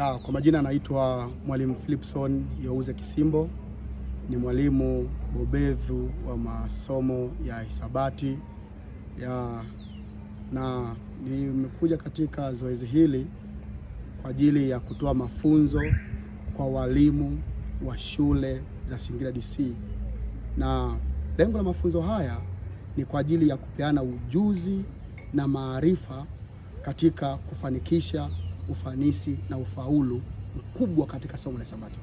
Ya, ah, kwa majina anaitwa Mwalimu Philipson Youze Kisimbo, ni mwalimu bobevu wa masomo ya hisabati ya, na nimekuja katika zoezi hili kwa ajili ya kutoa mafunzo kwa walimu wa shule za Singida DC, na lengo la mafunzo haya ni kwa ajili ya kupeana ujuzi na maarifa katika kufanikisha ufanisi na ufaulu mkubwa katika somo la Sabato.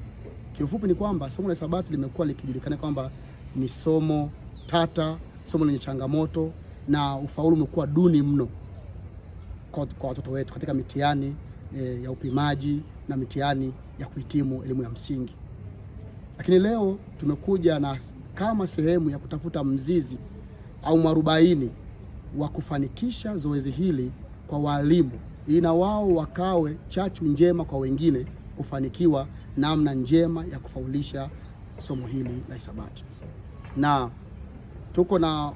Kiufupi ni kwamba somo la Sabato limekuwa likijulikana kwamba ni somo tata, somo lenye changamoto na ufaulu umekuwa duni mno kwa watoto wetu katika mitihani e, ya upimaji na mitihani ya kuhitimu elimu ya msingi. Lakini leo tumekuja na kama sehemu ya kutafuta mzizi au mwarobaini wa kufanikisha zoezi hili kwa walimu ina wao wakawe chachu njema kwa wengine kufanikiwa namna njema ya kufaulisha somo hili la hisabati. Na tuko na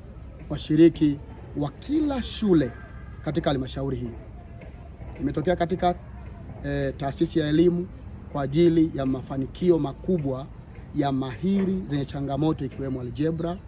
washiriki wa kila shule katika halmashauri hii. Imetokea katika e, taasisi ya elimu kwa ajili ya mafanikio makubwa ya mahiri zenye changamoto ikiwemo aljebra,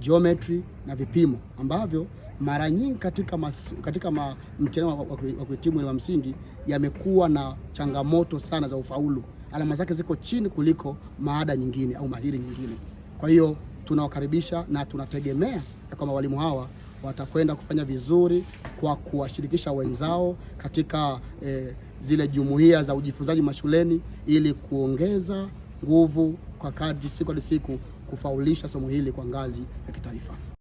geometry na vipimo ambavyo mara nyingi katika, mas, katika mtihani wa kuhitimu wa ya msingi yamekuwa na changamoto sana za ufaulu, alama zake ziko chini kuliko maada nyingine au mahiri nyingine. Kwa hiyo tunawakaribisha na tunategemea ya kwamba walimu hawa watakwenda kufanya vizuri kwa kuwashirikisha wenzao katika eh, zile jumuiya za ujifunzaji mashuleni ili kuongeza nguvu kwa kadri siku hadi siku kufaulisha somo hili kwa ngazi ya kitaifa.